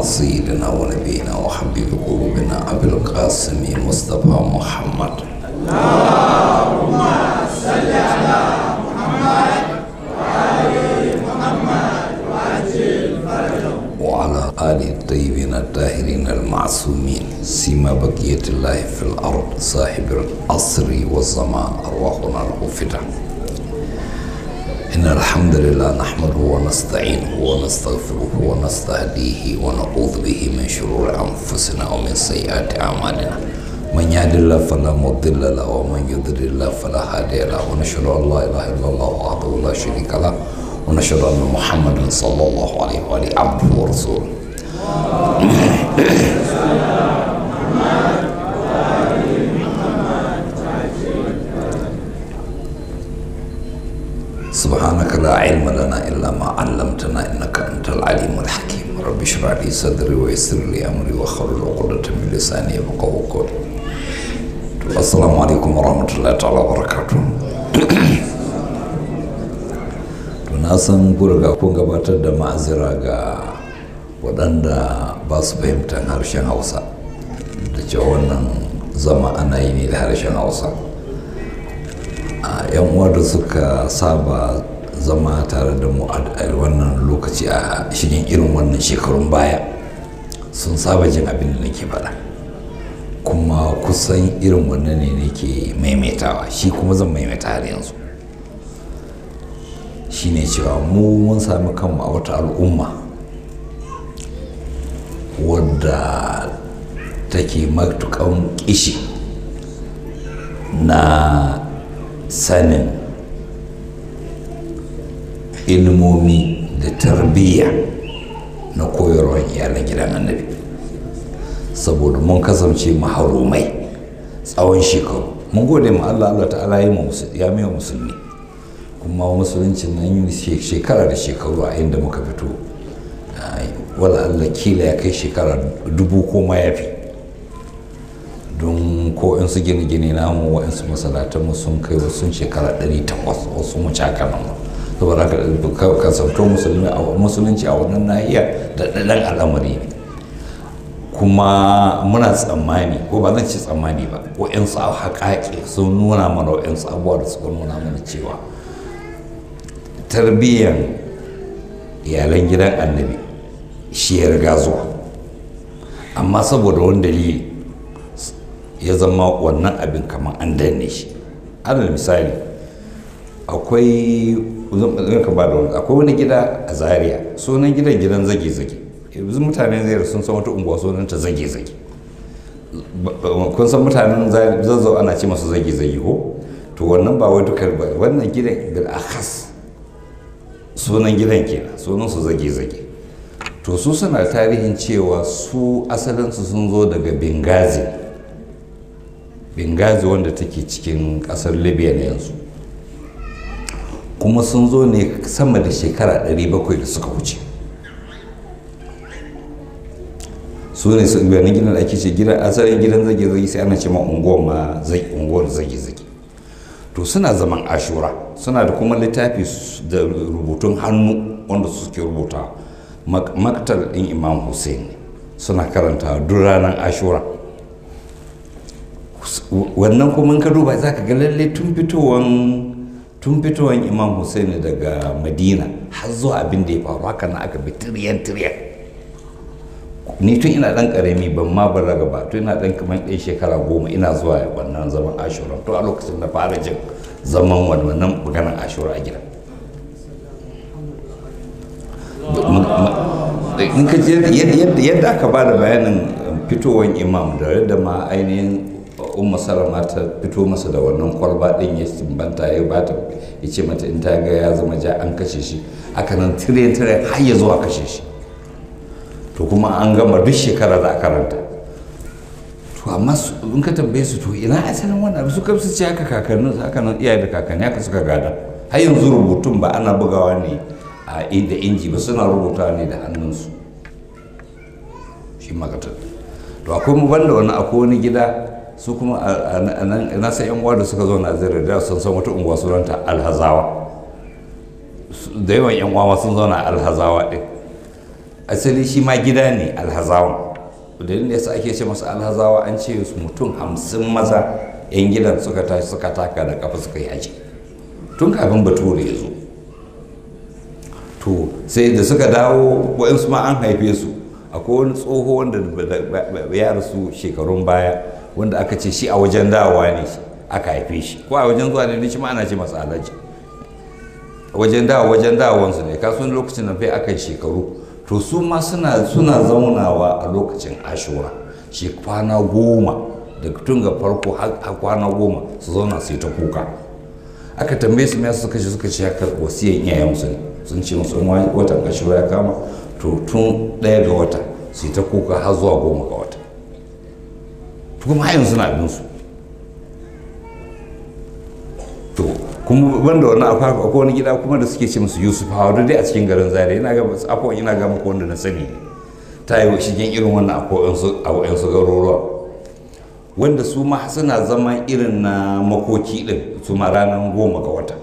وسيدنا ونبينا وحبيب قلوبنا أبي القاسم مصطفى محمد اللهم صل على محمد وآل محمد وأجل فرجهم وعلى آل الطيبين الطاهرين المعصومين سيما بقية الله في الأرض صاحب العصر والزمان أرواحنا الغفران إن الحمد لله نحمده ونستعينه ونستغفره ونستهديه ونعوذ به من شرور أنفسنا ومن سيئات أعمالنا من يهد الله فلا مضل له ومن يضلل الله فلا هادي له ونشهد أن لا إله إلا الله وحده لا شريك له ونشهد أن محمدا صلى الله عليه وآله عبده ورسوله لا علم لنا إلا ما علمتنا إنك أنت العليم الحكيم رب اشرح لي صدري ويسر لي أمري عقدة من لساني قولي السلام عليكم ورحمة الله تعالى وبركاته na san gurga kun gabatar da ma'azira ga waɗanda ba su fahimtar harshen hausa da cewa wannan zama ana yi ne da harshen hausa yan uwa da suka saba zama tare da mu a wannan lokaci a shirin irin wannan shekarun baya sun saba jin abin da nake faɗa kuma kusan irin wannan ne nake maimaitawa shi kuma zan maimaita har yanzu shi ne cewa mu mun sami kanmu a wata al'umma wadda take matukan kishi na sanin ilmomi da tarbiyya na koyarwar iyalan gidan annabi saboda mun kasance maharumai tsawon shekaru mun gode ma Allah Allah ta'ala ya mu ya musulmi kuma musulunci nan yi shekara da shekaru a inda muka fito wala Allah kila ya kai shekara dubu ko ma fi don ko in su gine-gine namu wa'insu masalatanmu sun kai wasu shekara 800 wasu mu haka nan saboda haka musulunci a wannan nahiyar da ɗan al'amari kuma muna tsammani ko ba zan ci tsammani ba yan a haƙaƙe sun nuna mana wa'yansu abubuwa da suka nuna mana cewa tarbiyyan iyalan gidan annabi shi ya riga zuwa amma saboda wani dalili ya zama wannan abin kamar an danne shi alal misali akwai zan ka ba da wani akwai wani gida a zaria sunan gidan gidan zage-zage yanzu mutanen zaria sun san wata unguwa sunan ta zage-zage kun san mutanen zazzau ana ce masu zage-zage ko to wannan ba wai dukkan ba wannan gidan bil akhas sunan gidan kenan sunan su zage-zage to su suna tarihin cewa su asalinsu sun zo daga bengazi bengazi wanda take cikin kasar libya na yanzu kuma sun zo ne sama da shekara 700 da suka wuce su ne su bayanan gidan da ake ce gidan asalin gidan zage-zage sai ana ce ma unguwar ma zai unguwar zage-zage to suna zaman ashura suna da kuma littafi da rubutun hannu wanda suke rubuta maktal ɗin imam hussein suna karanta duk ranar ashura wannan kuma ka duba za ka ga lalle tun fitowar tun fitowar imam hussein daga madina har zuwa abin da ya faru haka na aka bi tiriyan tiriyan ni tun ina dan karami ban ma raga ba tun ina dan kamar ɗaya shekara goma ina zuwa wannan zaman ashura to a lokacin na fara jin zaman wannan maganar ashura a gida yadda aka ba da bayanin fitowar imam da da ma ainihin umma salama ta fito masa da wannan kwalba din ya simbanta ya ta ya ce mata in ta ga ya zama ja an kashe shi aka nan tire tire har ya zo a kashe shi to kuma an gama duk shekara za a karanta to amma in ka tambaye su to ina asalin wannan abu suka su ce haka kakannin su haka nan iyaye da kakanni haka suka gada har yanzu rubutun ba ana bugawa ne a da inji ba suna rubuta ne da hannunsu shi makatar to akwai mu banda wani akwai wani gida su kuma a nan nasa yan uwa da suka zo na da sun san wata unguwa sunanta alhazawa da yawan yan uwa sun zauna alhazawa ɗin asali shi ma gida ne alhazawa da yadda yasa ake ce masa alhazawa an ce mutum hamsin maza yan gidan suka tashi suka taka da kafa suka yi tun kafin bature ya zo to sai da suka dawo waɗansu ma an haife su akwai wani tsoho wanda ya rasu shekarun baya wanda aka ce shi a wajen dawowa ne aka haife shi ko a wajen zuwa ne shi ma ana ce masu alhaji wajen dawa wajen dawansu ne kasuwan lokacin da fai akan shekaru to su ma suna suna zaunawa a lokacin ashura shi kwana goma da tun ga farko har kwana goma su zauna su yi ta kuka aka tambaye su mai suka ce suka ce haka wasiyan su ne sun ce musu watan ashura ya kama to tun ɗaya ga wata su yi ta kuka har zuwa goma ga wata kuma har yanzu na abin su to kuma banda wannan akwai akwai wani gida kuma da suke ce musu Yusuf hawa dai a cikin garin Zaria ina ga afwan ina ga maka wanda na sani ta yi shigen irin wannan a wayansu garuruwa wanda su ma suna zama irin na makoki din su ma ranar goma ga wata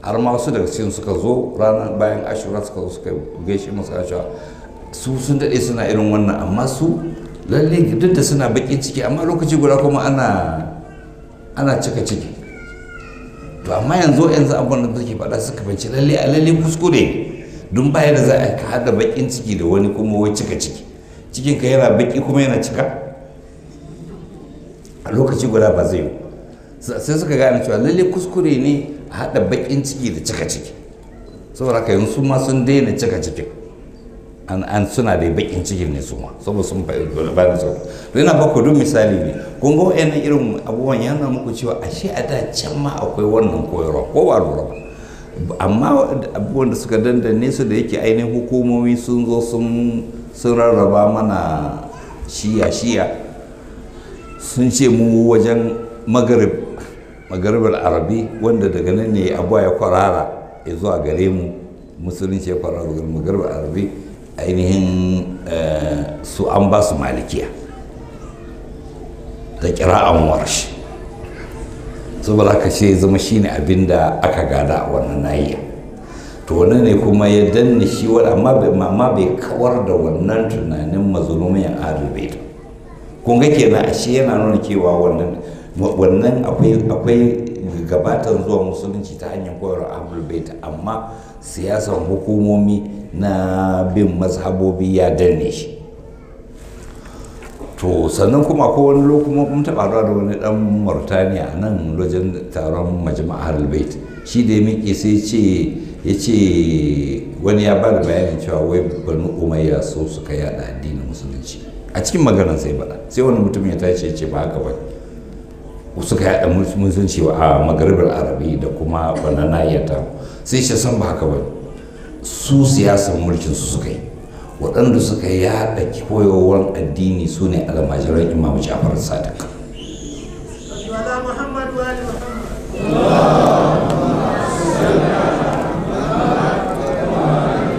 har ma wasu daga cikin suka zo ranar bayan ashura suka zo suka gaishe musu ashura su sun daɗe suna irin wannan amma su lalle duk da suna bakin ciki amma lokaci guda kuma ana ana cika ciki to amma yanzu yanzu abin da suke faɗa suka fahimci lalle a lalle kuskure don baya da za a haɗa bakin ciki da wani kuma wai cika ciki cikin ka yana baki kuma yana cika a lokaci guda ba zai yi sai suka gane cewa lalle kuskure ne a haɗa bakin ciki da cika ciki saboda haka yanzu ma sun daina cika cikin an suna da bakin cikin ne su ma saboda sun ba da tsoro to ina ba ku duk misali ne kun ga irin abubuwan yana muku cewa a shi a da can ma akwai wannan koyarwa ko ba lura ba amma abubuwan da suka dandane su da yake ainihin hukumomi sun zo sun rarraba mana shiya shiya sun ce mu wajen magarib magaribar arabi wanda daga nan ne abuwa ya kwarara ya zuwa gare mu musulunci ya kwarara magaribar arabi ainihin eh, su an ba su malikiya da kira'an warshi za ka ce zama shi ne abin da aka gada a wannan nahiya to wani ne kuma ya danne shi wani amma bai kawar da wannan tunanin mazulumin ta kun ga kenan ashe yana nuna cewa wannan wannan akwai gabatan zuwa musulunci ta hanyar koyarwa ahlul bait amma siyasar hukumomi na bin mazhabobi ya danne shi to sannan kuma ko wani lokuma mun taɓa da wani dan murtaniya a nan wajen taron majama'ar albait shi da ya miƙe sai ce ya ce wani ya bada bayanin cewa wai banu umayya so suka yada addinin musulunci a cikin maganar sai bada sai wani mutum ya tashi ya ce ba haka ba suka yada musulunci a magaribar arabi da kuma banana ya sai shi san ba haka ba su siyasar mulkin su suka yi waɗanda suka yada koyowar addini su ne almajiran imam jafar sadiq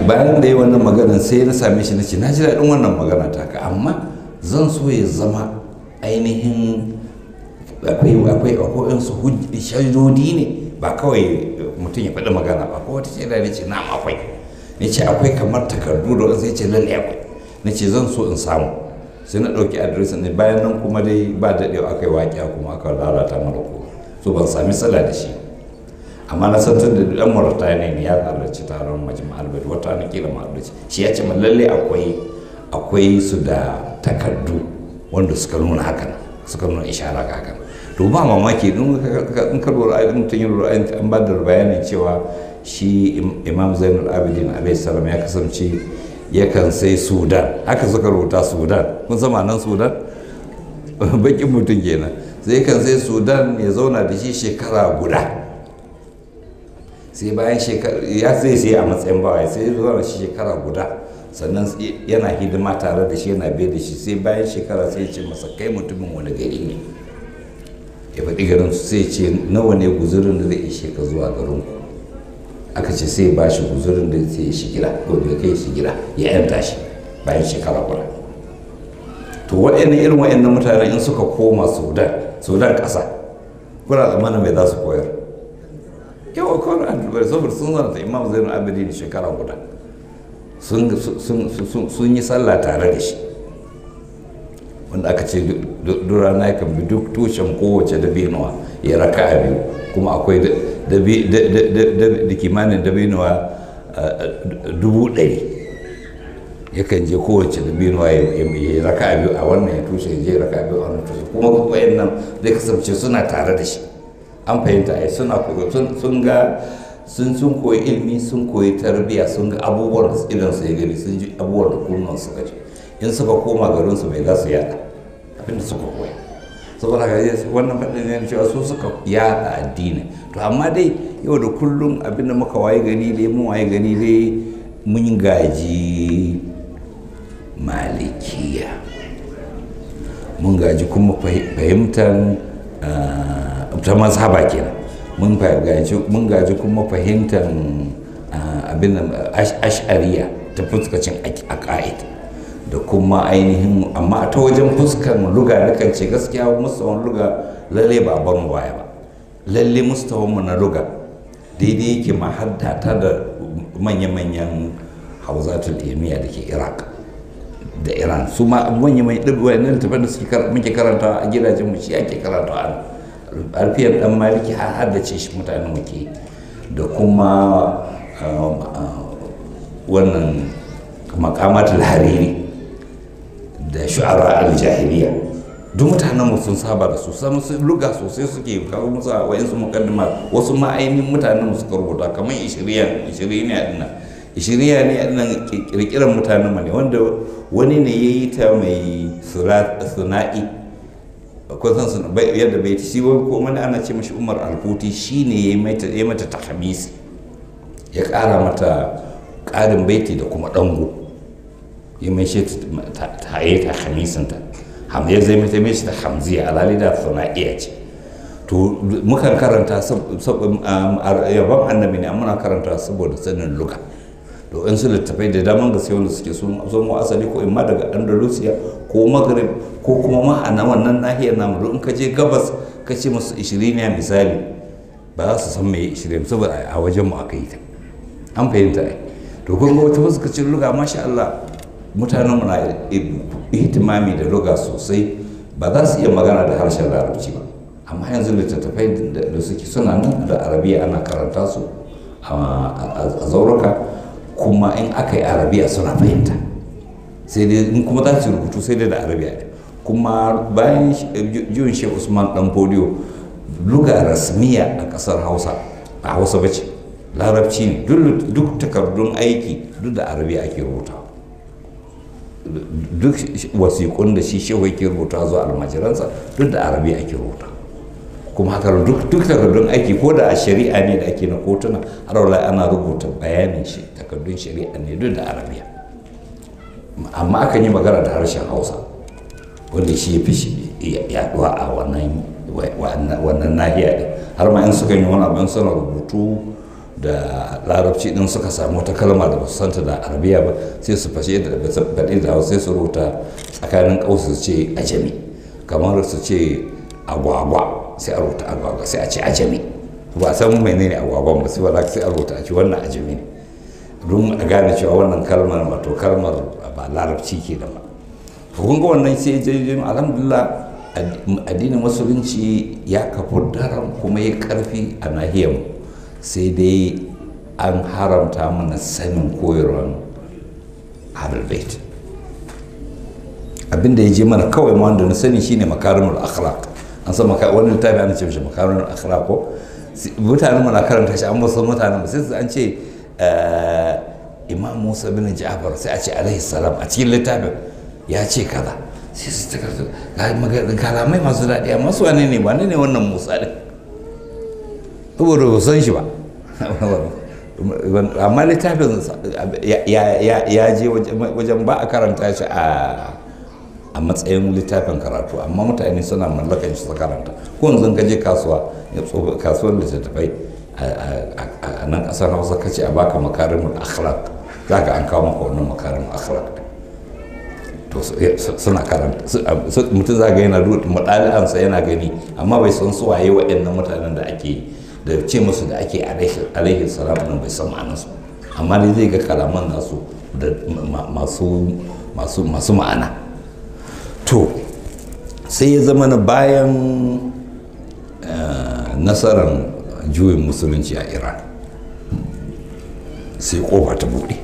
bayan da yi wannan maganin sai na same shi na ce na ji daɗin wannan magana taka amma zan so ya zama ainihin akwai akwai akwai su hujjodi ne ba kawai mutum ya faɗi magana ba ko wata shaida ne ce na akwai nace ce akwai kamar takardu da wani sai ce lalle akwai na ce zan so in samu sai na ɗauki adiresin ne bayan nan kuma dai ba daɗewa aka yi waƙiya kuma aka lalata mana ko so ban sami sala da shi amma na san tun da ɗan Mauritania ne ya halarci taron majami'a albert wata na kila ma halarci shi ya ce lalle akwai akwai su da takardu wanda suka nuna hakan suka nuna ishara ga hakan to ba mamaki in ka lura mutum yin lura an ba da bayanin cewa shi imam zainul abidin alaihi salam ya kasance yakan sai sudan haka suka rubuta sudan kun sama nan sudan bakin mutum kenan sai kan sai sudan ya zauna da shi shekara guda sai bayan shekara ya sai sai a matsayin bawa sai ya zauna shi shekara guda sannan yana hidima tare da shi yana bai da shi sai bayan shekara sai ce masa kai mutumin wani gari ne ya faɗi garin sai ce nawa ne guzurin da zai ishe ka zuwa garin ku aka ce sai ba shi guzurin da sai shi gida gobe kai shi gida ya yanta shi bayan shekara guda to waɗannan irin waɗannan mutanen in suka koma sudan sudan ƙasa kuna tsammanin mai za su koyar Yau kawai andubar saboda sun zana ta imam zainul abidin shekara guda sun yi sallah tare da shi wanda aka ce na kan bi duk tushen kowace da benuwa ya raka a biyu kuma akwai da kimanin dabinuwa dubu ɗari yakan je kowace dabinuwa ya raka a a wannan ya tushe ya je raka a a wannan tushe kuma kwayan nan zai kasance suna tare da shi an fahimta ai suna sun ga sun sun koyi ilimi sun koyi tarbiyya sun ga abubuwan da idan su ya gani sun ji abubuwan da kunnan suka ji in suka koma garinsu mai za su yada abinda suka koya saboda yi wannan faɗin yana cewa su suka yada addini to amma dai yau da kullum abin da muka waye gani dai mun waye gani dai mun gaji malikiya mun gaji kuma fahimtar ah, ta mazhaba kenan mun gaji mun gaji kuma fahimtar ah, abin ash'ariya ta fuskacin aqaid da kuma ainihin amma ta wajen fuskar luga nakan ce gaskiya mustawan luga lalle ba ban waya ba lalle mustawanmu na luga daidai yake ma haddata da manya-manyan hauzatul ilmiya da ke iraq da iran su ma manya mai wani nan littafin da suke muke karanta a gidajen mu shi ake karanta a alfiyar dan maliki har haddace shi mutanen mu ke da kuma um, uh, wannan makamatul hariri da shu'ara al-jahiliya duk mutanen mu sun saba da su san su luga sosai suke kawo musu a wayansu mukaddima wasu ma ainihin mutanen mu suka rubuta kamar ishiriya ishiriya ne dinnan ishiriya ne dinnan kirkiran mutanen mu ne wanda wani ne yayi ta mai suna'i ko san suna yadda bai shi wani ko mana ana ce mashi Umar Alfuti shine yayi ya yayi mata ta hamisi ya kara mata karin baiti da kuma dango يمشي تايت خميس ta hamiyar zai mai taimai shi da hamziya alhali da sana'iya ce to karanta yaban annabi ne muna karanta saboda sanin luga to in gaske wanda suke so mu asali ko andalusiya ko maghrib ko nahiyar namu in ka gabas ka ce musu misali ba za su a wajen mu aka yi ta an fahimta ai mutanen mu na ihtimami da ruga sosai ba za su iya magana da harshen larabci ba amma yanzu littattafai da suke suna nan da arabiya ana karanta su a zauruka kuma in aka yi arabiya suna fahimta sai dai in kuma za su rubutu sai dai da arabiya kuma bayan juyin shi usman dan podio luga rasmiya a kasar hausa a hausa bace larabci ne duk takardun aiki duk da arabiya ake rubuta duk wasiƙun da shi shehu yake rubuta zuwa almajiransa duk da arabi ake rubuta kuma haka duk duk takardun aiki ko da a shari'a ne da ake na kotuna har ana rubuta bayanin shi takardun shari'a ne duk da arabiya amma aka yi magana da harshen hausa wanda shi ya fi shi yaduwa a wannan nahiya din har ma in suka yi wani abin suna rubutu da larabci din suka samu wata kalma da basu santa da arabiya ba sai su fashe da faɗi da sai su rubuta tsakanin ƙausu su ce ajami kamar su ce agwagwa sai a rubuta agwagwa sai a ce ajami ba san ne agwagwan ba sai ba sai a rubuta a ce wannan ajami ne don a gane cewa wannan kalmar wato kalmar ba larabci ke da ba kun ga wannan sai je alhamdulillah addinin musulunci ya kafu daram kuma ya karfi a nahiyar mu sai dai an haramta mana sanin koyarwar albert abin da ya je mana kawai ma wanda na sani shine makarunar akhlaq an san maka wani littafi ana ce mishi makarimul akhlaq ko mutane mana karanta shi an ba san mutanen ba sai an ce eh, imam musa bin ja'far sai a ce alaihi salam a cikin littafin ya ce kaza sai su ta karatu kalamai masu daɗi amma su wane ne ba ne wannan musa din saboda ba san shi ba amma littafin ya je wajen ba a karanta shi a matsayin littafin karatu amma mutane suna mallakan shi su karanta ko yanzu ka je kasuwa kasuwar littattafai a nan kasar hausa kace a baka makarimul akhlaq za ka an kawo maka wannan makarimul akhlaq to suna karanta mutum za ga yana duba ɗali'ansa yana gani amma bai san su waye waɗannan mutanen da ake da ce musu da ake alaihi salam nan bai san su amma dai zai ga kalaman nasu da masu ma'ana to sai ya zama na bayan eh, nasarar juyin musulunci a iran sai kofa ta buɗe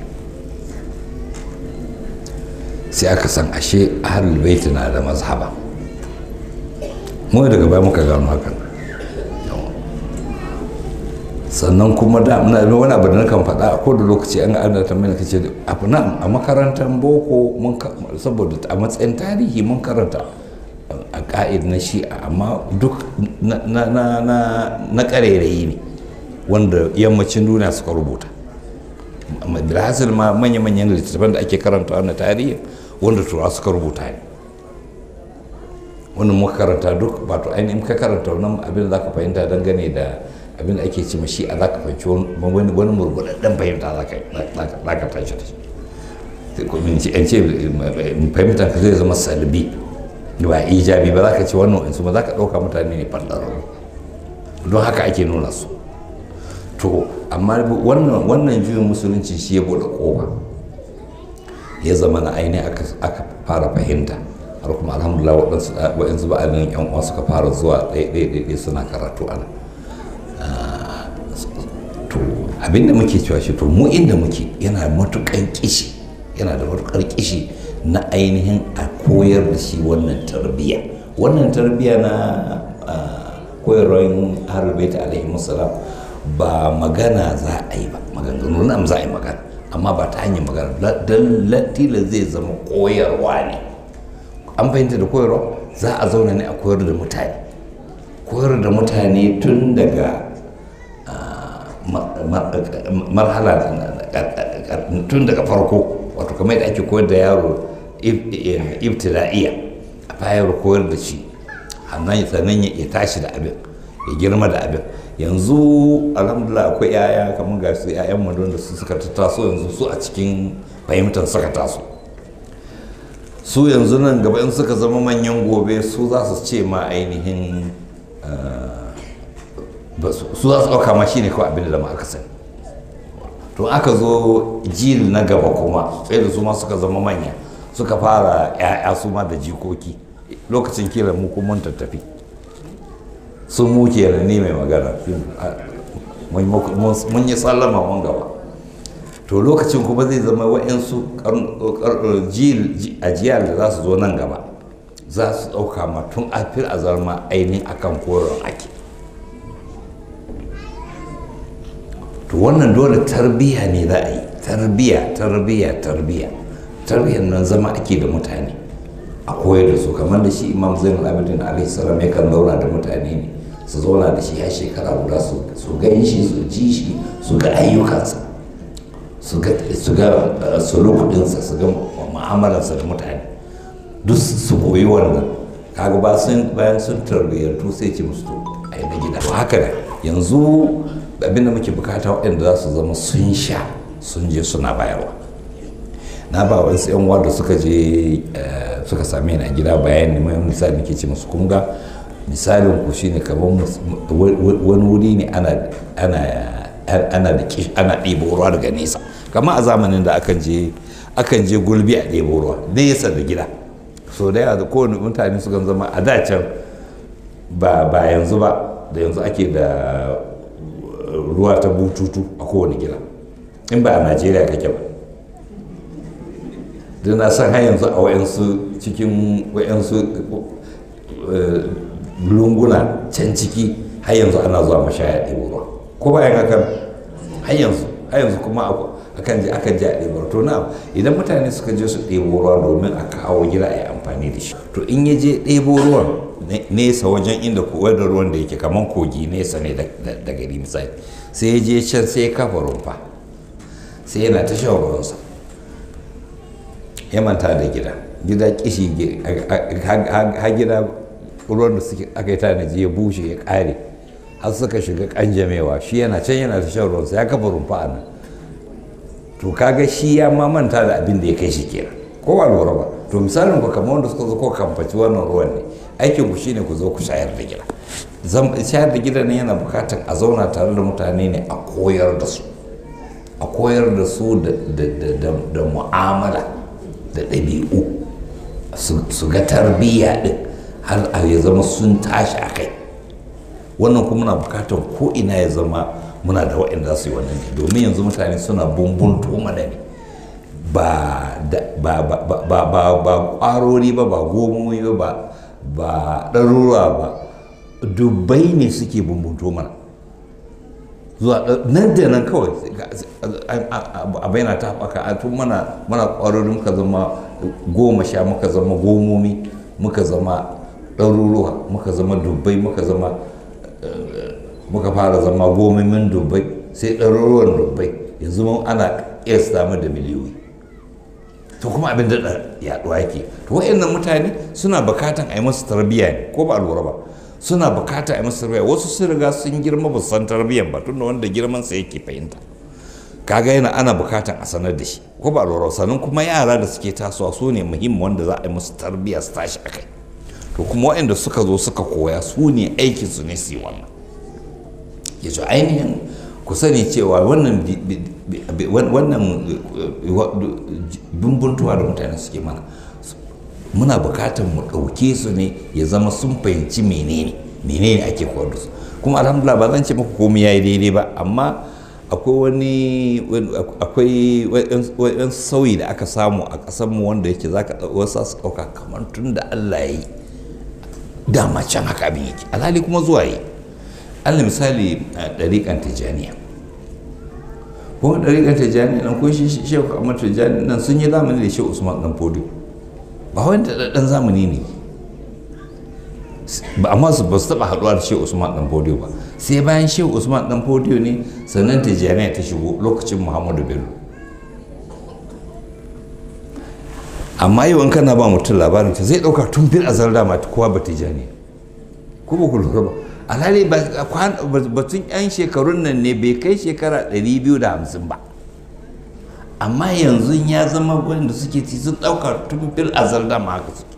sai aka san ashe ahlul baiti na da mazhaba mu daga baya muka gano hakan sannan kuma da wani abu da nakan faɗa a kowane lokaci an ana ta mana kace abu nan a makarantar boko mun saboda a matsayin tarihi mun karanta a ka'id na shi'a amma duk na ƙarairayi ne wanda yammacin duniya suka rubuta madrasar ma manya-manyan littattafan da ake karanta na tarihi wanda tura suka rubuta ne wani muka karanta duk wato ainihin ka karanta wannan abin da za ka fahimta dangane da abin da ake ce ma shi a za ka fahimci wani wani murgudaddan fahimta za ka fahimci da shi kuma in ce fahimta ka zai zama salbi ba ijabi ba za ka ce wannan in su ba za ka ɗauka mutane ne fandararru don haka ake nuna su to amma wannan wannan juyin musulunci shi ya bude kowa ya zama na aini aka fara fahimta har kuma alhamdulillah waɗansu ba abin yan uwa suka fara zuwa ɗaya suna karatu a nan to abinda muke cewa shi to mu inda muke yana matukan kishi yana da matukar kishi na ainihin a koyar da shi wannan tarbiyya wannan tarbiyya na koyarwar ta alaihi musallam ba magana za a yi ba maganganu na za a yi magana amma ba ta hanyar magana don latila zai zama koyarwa ne an fahimta da koyarwa za a zauna ne a koyar da mutane koyar da mutane tun daga marhala tun daga farko wato kamar yadda ake koyar da yaro eh, ibtida'iya a fayar koyar da shi hannun sannan ya tashi da abin ya girma da abin yanzu alhamdulillah akwai yaya kamar ga su yayan mu da su suka taso yanzu su a cikin fahimtar suka taso su yanzu nan gaba in suka zama manyan gobe su za su ce ma ainihin eh, su za su ɗauka ma shine kawai abin da ma aka sani to aka zo jil na gaba kuma sai da su ma suka zama manya suka fara 'ya'ya su ma da jikoki lokacin kiran mu kuma mun tattafi sun muke da ni mai magana mun yi sallama mun gaba to lokacin kuma zai zama wa'yansu ajiyar da za su zo nan gaba za su ɗauka ma tun a zama azarma ainihin akan koron ake to wannan dole tarbiyya ne za a yi tarbiyya, tarbiyya. Tarbiyya tarbiyyar nan zama ake da mutane a koyar da su kamar da shi imam zainul abidin alaihi salam yakan zauna da mutane ne su zauna da shi har shekara guda su gan shi su ji shi su ga ayyukansa su ga su ga uh, mu'amalarsa da mutane duk su koyi wannan kaga bayan sun to sai ce musu to a yi na gida haka yanzu abin da muke bukata waɗanda za su zama sun sha sun je suna bayarwa na ba wa yan uwa da suka je eh, suka same ni a gida ne mai misali ke ce musu kunga misalin ku shine kamar wani wuri ne ana ana da ana ɗebo ruwa daga nesa kamar a zamanin da akan je akan gulbi a ɗebo ruwa nesa da gida so da yawa da kowane mutane sukan zama a dacen ba yanzu ba da yanzu ake da ruwa ta bututu a kowane gida in ba a najeriya kake ba da na san har yanzu a wayansu cikin wayansu eh, lunguna can ciki har yanzu ana zuwa mashaya a ɗebo ruwa ko bayan hakan har yanzu har yanzu kuma akan je akan je a ɗebo to na idan mutane suka je su ɗebo ruwa domin a kawo gida a yi amfani da shi to in ya je ɗebo ruwan nesa wajen inda koyar da ruwan da yake kamar kogi nesa ne da gari misali sai je can sai kafa rumfa sai yana ta shan ruwansa ya manta da gida gida kishi ha gida ruwan da suke aka yi tanaji ya bushe ya kare har suka shiga kanjamewa shi yana can yana ta shan ruwansa ya kafa rumfa a nan to kaga shi ya ma manta da abin da ya kai shi kenan ko ba lura ba to misalin ku kamar wanda suka zo ko kamfaci wannan ruwan ne aikin ku shine ku zo ku shayar da gida shayar da gidan yana bukatan a zauna tare da mutane ne a koyar da su a koyar da su da mu'amala da ɗabi'u su ga tarbiyya ɗin har a ya zama sun tashi a kai wannan kuma muna bukatan ko ina ya zama muna da waɗanda za su yi wannan domin yanzu mutane suna bumbun mana ne ba ba ƙwarori ba ba gomomi ba ba ɗaruruwa ba dubai ne suke bumbuto mana zuwa nan da nan kawai a bayyana ta haɓaka a tun mana mana ƙwarorin ka zama goma sha muka zama gomomi muka zama ɗaruruwa muka zama dubbai muka zama eh, muka fara zama gomomin dubai sai ɗaruruwan dubbai yanzu mun ana ƙiyasta mu da miliyoyi to kuma abin da yaɗuwa yake to wa'annan mutane suna bukatan a yi masu tarbiyya ne ko ba a lura ba suna bukata a masu tarbiyya wasu sun riga sun girma ba san tarbiyyar ba tunda wanda girman sa yake fahimta kaga yana ana bukatan a sanar da shi ko ba lura sanin kuma yara da suke tasowa su ne muhimmin wanda za a yi musu tarbiyya su tashi akai to kuma waɗanda suka zo suka koya su ne aikin su ne su yi wannan ya ce ainihin ku sani cewa wannan wannan eh, eh, bumbuntuwa da mutane suke mana muna bukatar mu ɗauke su ne ya zama sun fahimci menene menene ake koyar da su kuma alhamdulillah ba zan ce muku komai yayi daidai ba amma akwai wani akwai wani sauyi da aka samu a ƙasar mu wanda yake zaka wasa su ɗauka kamar tun da Allah ya yi ma can haka abin yake alhali kuma zuwa yi Allah misali ɗariƙan tijaniya kuma ɗariƙan tijaniya nan ko shi shehu Ahmad tijaniya nan sun yi zamani da shehu Usman dan fudu. ba wani daɗaɗɗen zamani ne ba amma su ba su taɓa haɗuwa da shehu usman dan fodiyo ba sai bayan shehu usman dan fodiyo ne sannan tijjaniya ta shigo lokacin muhammadu bello amma yawan kana ba mutum labarin ta zai ɗauka tun fil azar dama kowa ba tijjaniya ko ba ku lura ba alhali batun 'yan shekarun nan ne bai kai shekara 250 ba amma yanzu ya zama wanda suke ci sun ɗaukar tun fil azal da ma haka suke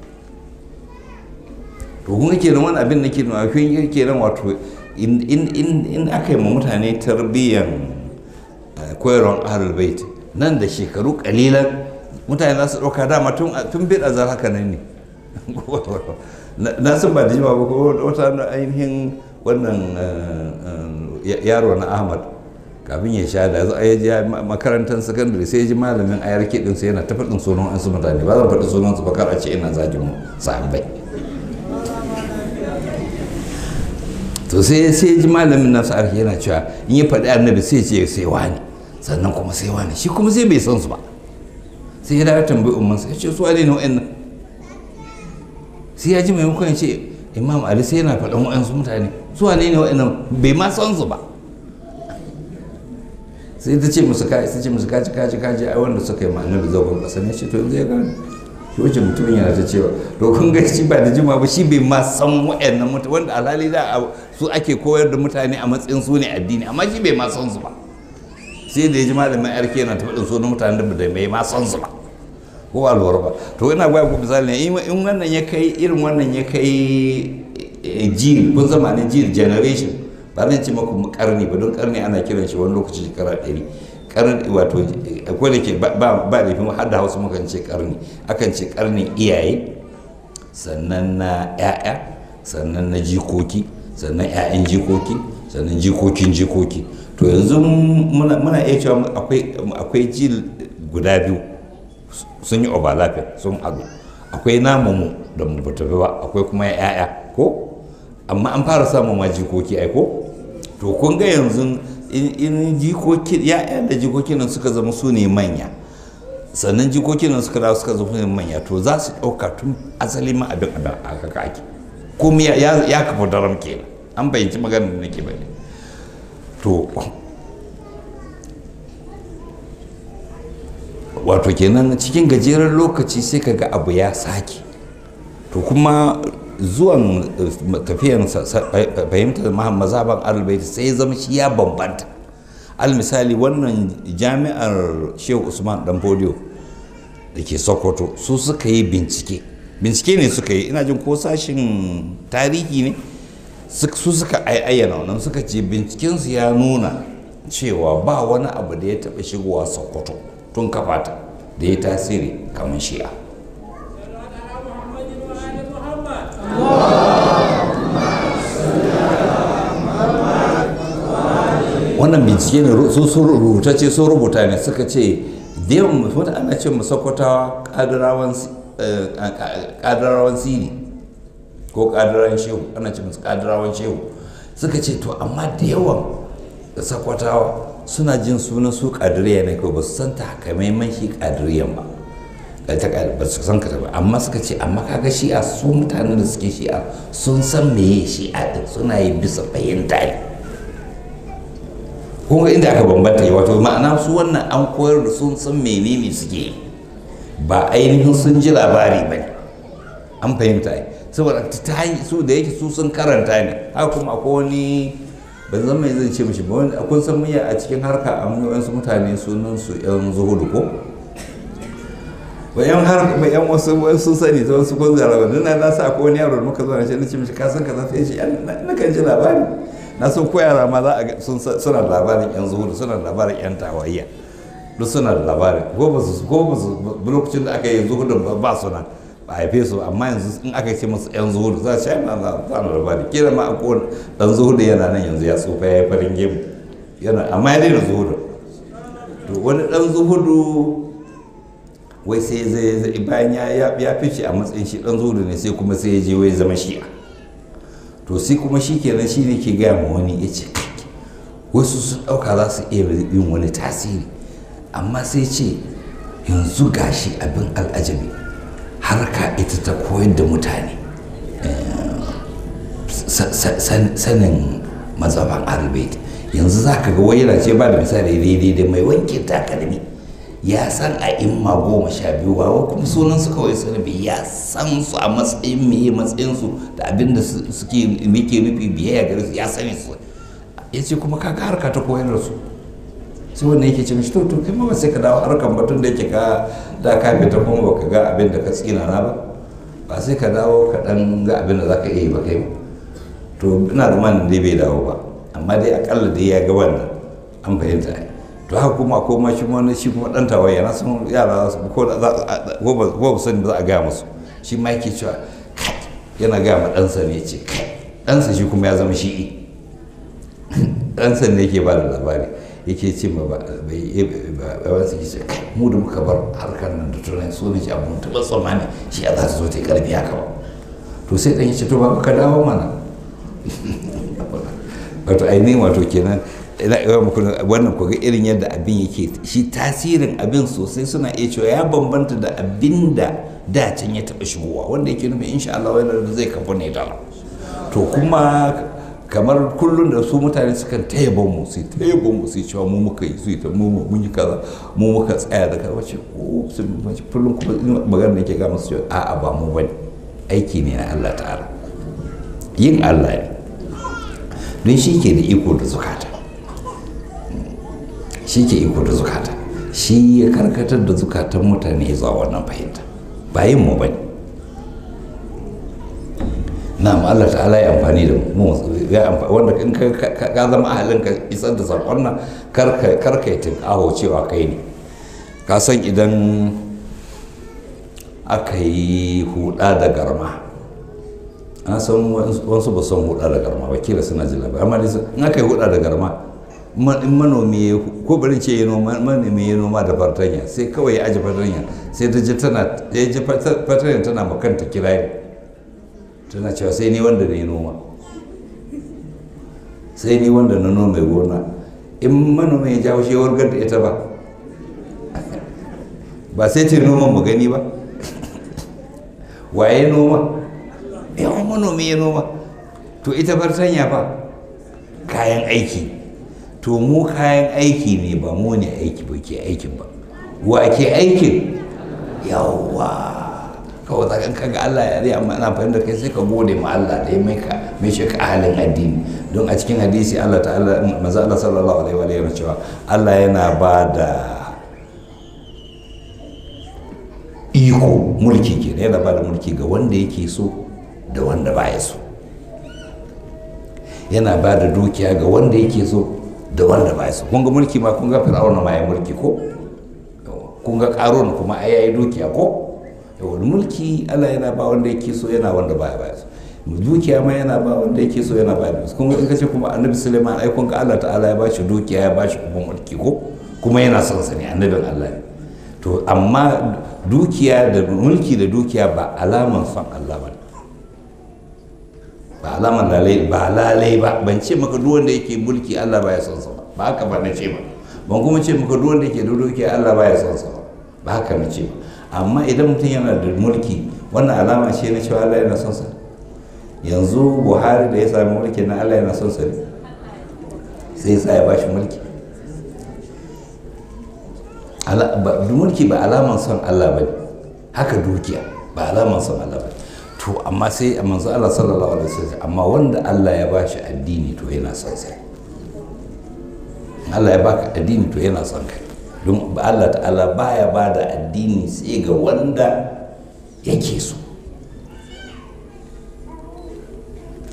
to kuma kenan wani abin nake nuna kun kenan wato in in aka yi ma mutane tarbiyyan eh, koyarwar ahlul bait nan da shekaru kalilan mutane za su ɗauka dama tun fil azal haka nan ne na san ba da jima ba ko wata ainihin wannan eh, eh, yaro na ahmad kafin ya sha da a ya makarantar sakandare sai ya ji malamin ayar din sai yana ta faɗin sunan an su mutane ba zan faɗi sunan su bakar a ce ina zaji mu sahabbai to sai sai ya ji malamin na su arki yana cewa in ya faɗi annabi sai ce sai wani sannan kuma sai wani shi kuma sai bai san su ba sai ya dawo tambayi umman sai ya ce su wani ne wa'annan sai ya ji maimakon ya ce imam ali sai yana faɗin wa'ansu mutane su wani ne wa'annan bai ma san su ba sai ta ce musu kai sai ce musu kaji kaji kaji ai wanda suka yi ma da zagon ba ne shi to yanzu ya gane shi wace mutumin yana ta cewa to kun ga shi ba da jima ba shi bai ma san wa'annan mutum wanda alhali da su ake koyar da mutane a matsayin su ne addini amma shi bai ma san su ba sai da ya ji malamin arki yana ta faɗin sunan mutanen da bai ma san su ba ko ba ba to ina gwaya ku misali ne in wannan ya kai irin wannan ya kai eh, jil kun zama ne jil generation ba zan ce maku karni ba don karni ana kiran shi wani lokaci shekara ɗari karni wato ko da ke ba laifin har da hausa mukan ce karni akan ce karnin iyaye sannan na 'ya'ya sannan na jikoki sannan 'ya'yan jikoki sannan jikokin jikoki to yanzu muna iya cewa akwai jil guda biyu sun yi overlapping sun haɗu akwai namu da mu ba akwai kuma 'ya'ya ko amma an fara samun ma jikoki aiko to kun ga yanzu in jikoki yan da jikokin nan suka zama su ne manya sannan jikokin nan suka dawo suka zama manya to za su ɗauka tun asali ma abin a kaka ake kuma ya kafa daram ke an bayyanci magana da nake bane to wato kenan cikin gajeren lokaci sai ka ga abu ya sake to kuma zuwan eh, tafiyan fahimtar mazaban albaiti sai zama shi ya bambanta al misali wannan jami'ar shehu usman dan podio da ke sokoto su suka yi bincike bincike ne suka yi ina jin ko sashin tarihi ne su suka ayyana wannan suka ce bincikensu ya nuna cewa ba wani abu da ya taɓa shigowa sokoto tun kafata da ya tasiri kamar shi'a wannan bincike ne su sun rubutacce sun rubuta ne suka ce da yawan mutum ana ce mu sokotawa eh, kadarawan siri ko kadarawan shehu ana ce musu kadarawan shehu suka ce to amma da yawan sakwatawa suna jin sunan su kadiriya ne ko ba su san takamaiman shi kadiriyan ba eh, eh, ba su san ba amma suka ce amma kaga shi'a su mutanen da suke shi'a sun san meye shi'a din suna yin bisa fahimta ne kuma inda aka bambanta wato ma'ana su wannan an koyar da sun san menene suke ba ainihin sun ji labari ba ne an fahimta yi saboda ta su da yake su sun karanta ne haka kuma akwai wani ban zan mai zan ce mishi ba wani kun san miya a cikin harka a wasu mutane sunan su yan zuhudu ko bayan har bayan wasu wasu sani ta wasu kun zaraba na na sa akwai wani yaro da muka zo na ce na ce mishi ka san kaza sai shi ce na kan ji labari na so ko yara ma za a ga suna labarin yan zuhuri suna labarin yan tawayya duk suna labarin ko ba su ko ba su lokacin da aka yi zuhurin ba suna ba haife su amma yanzu in aka ce musu yan zuhuri za su yana za na labari kira ma a kowane dan zuhuri yana nan yanzu ya tsufa ya yi farin gemu yana amma ya daina zuhurin to wani dan da wai sai zai bayan ya ya fice a matsayin shi dan zuhudu ne sai kuma sai ya je wai zama shi'a to sai kuma shi kenan shi ne ke gaya ma wani ya ce wasu sun ɗauka za su iya yin wani tasiri amma sai ce yanzu gashi abin al'ajabi harka ita ta koyar da mutane eh, sanin mazaban arabic yanzu za ka ga yana ce ba da misali daidai da mai wanke takalmi ya san a imma goma sha biyu ba kuma sunan su kawai sanabi ya san su a matsayin mai matsayin su da abin da suke muke nufi biyayya gare su ya sani su ya ce kuma ka ga harka ta koyar da su sai wannan yake ce mishi to to kai ma ba sai ka dawo harkan batun da yake ka da ka fita kuma baka ga abin da ka tsina na ba ba sai ka dawo ka dan ga abin da zaka iya yi ba kai ba. to ina zamanin dai bai dawo ba amma dai akalla dai ya ga wannan an fahimta ne to haka kuma akwai ma shi wani shi kuma ɗan tawaye na san yara su ko za ko ba za a gaya musu shi ma yake cewa kai yana gaya ma ɗansa ne ce kai ɗansa shi kuma ya zama dan ɗansa ne yake ba da labari yake ce ma ba ba ba su ce mu da muka bar harkar nan da turai so ne shi abun taɓa tsammani shi ya za su zo ta karbi haka ba to sai dan yace ce to ba ka dawo mana wato ainihin wato kenan ina iya muku wannan ku ga irin yadda abin yake shi tasirin abin sosai suna iya cewa ya bambanta da abin da dacin can ya taɓa shigowa wanda yake nufin insha Allah wani zai kafa ne dala to kuma kamar kullum da su mutane sukan taya ban mu su taya ban mu su cewa mu muka yi su ita mu mun yi kaza mu muka tsaya da kaza wace ko su mace kullum kuma magana nake ga musu a a'a ba mu bane aiki ne na Allah ta'ala yin Allah ne don shi ke da iko da zukata shi ke iko da zukata shi ya karkatar da zukatan mutane zuwa wannan fahimta ba yin mu bane na'am Allah ta'ala ya amfani da mu ya amfani wanda in ka zama ahalin ka isar da sakon nan karka karka aho cewa kai ne ka san idan aka yi huda da garma an san wasu ba san huda da garma ba kila suna jin labari amma in aka yi huda da garma manomi ya ko barin ce ya noma manomi ya noma da fartanya sai kawai ya aje fartanya sai ta ji tana ya ji fartanya tana makanta kirayi tana cewa sai ni wanda na yi noma sai ni wanda na noma gona in manomi ya jawo shi wargar da ita ba ba sai ce noma mu gani ba waye noma yawan manomi ya noma to ita fartanya ba kayan aiki to mu kayan aiki ne ba mu ne aiki ba ke aikin ba wa ke aikin yawwa kawai za ka ga Allah ya riya amma ana fahimta kai sai ka gode ma Allah da ya mai ka mai shi ka halin addini don a cikin hadisi Allah ta'ala manzo Allah sallallahu alaihi wa alihi cewa Allah yana ba da iko mulki ke yana ba da mulki ga wanda yake so da wanda baya so yana ba da dukiya ga wanda yake so da wanda ba su kun ga mulki ma kun ga fir'auna ma ya mulki ko kun ga karun kuma ai yayi dukiya ko yawa mulki Allah yana ba wanda yake so yana wanda ba ya ba su dukiya ma yana ba wanda yake so yana ba ya su kuma in kace kuma annabi Sulaiman ai kun ga Allah ta'ala ya ba shi dukiya ya ba shi kuma mulki ko kuma yana son sa ne annabin Allah ne to amma dukiya da mulki da dukiya ba alaman son Allah ba ba alaman lalai ba lalai ba ban ce maka duk wanda yake mulki Allah baya son sa ba haka ba na ce ba ban kuma ce maka duk wanda yake duduke Allah baya son sa ba haka na ce ba amma idan mutum yana da mulki wannan alama ce na cewa Allah yana son sa yanzu Buhari da ya sami mulki na Allah yana son sa ne sai sa ya bashi mulki mulki ba alaman son Allah ba haka dukiya ba alaman son Allah ba to amma sai a manzo Allah sallallahu alaihi wasallam amma wanda Allah ya bashi addini to yana son sai Allah ya baka addini to yana son kai don Allah ta'ala baya ba da addini sai ga wanda yake so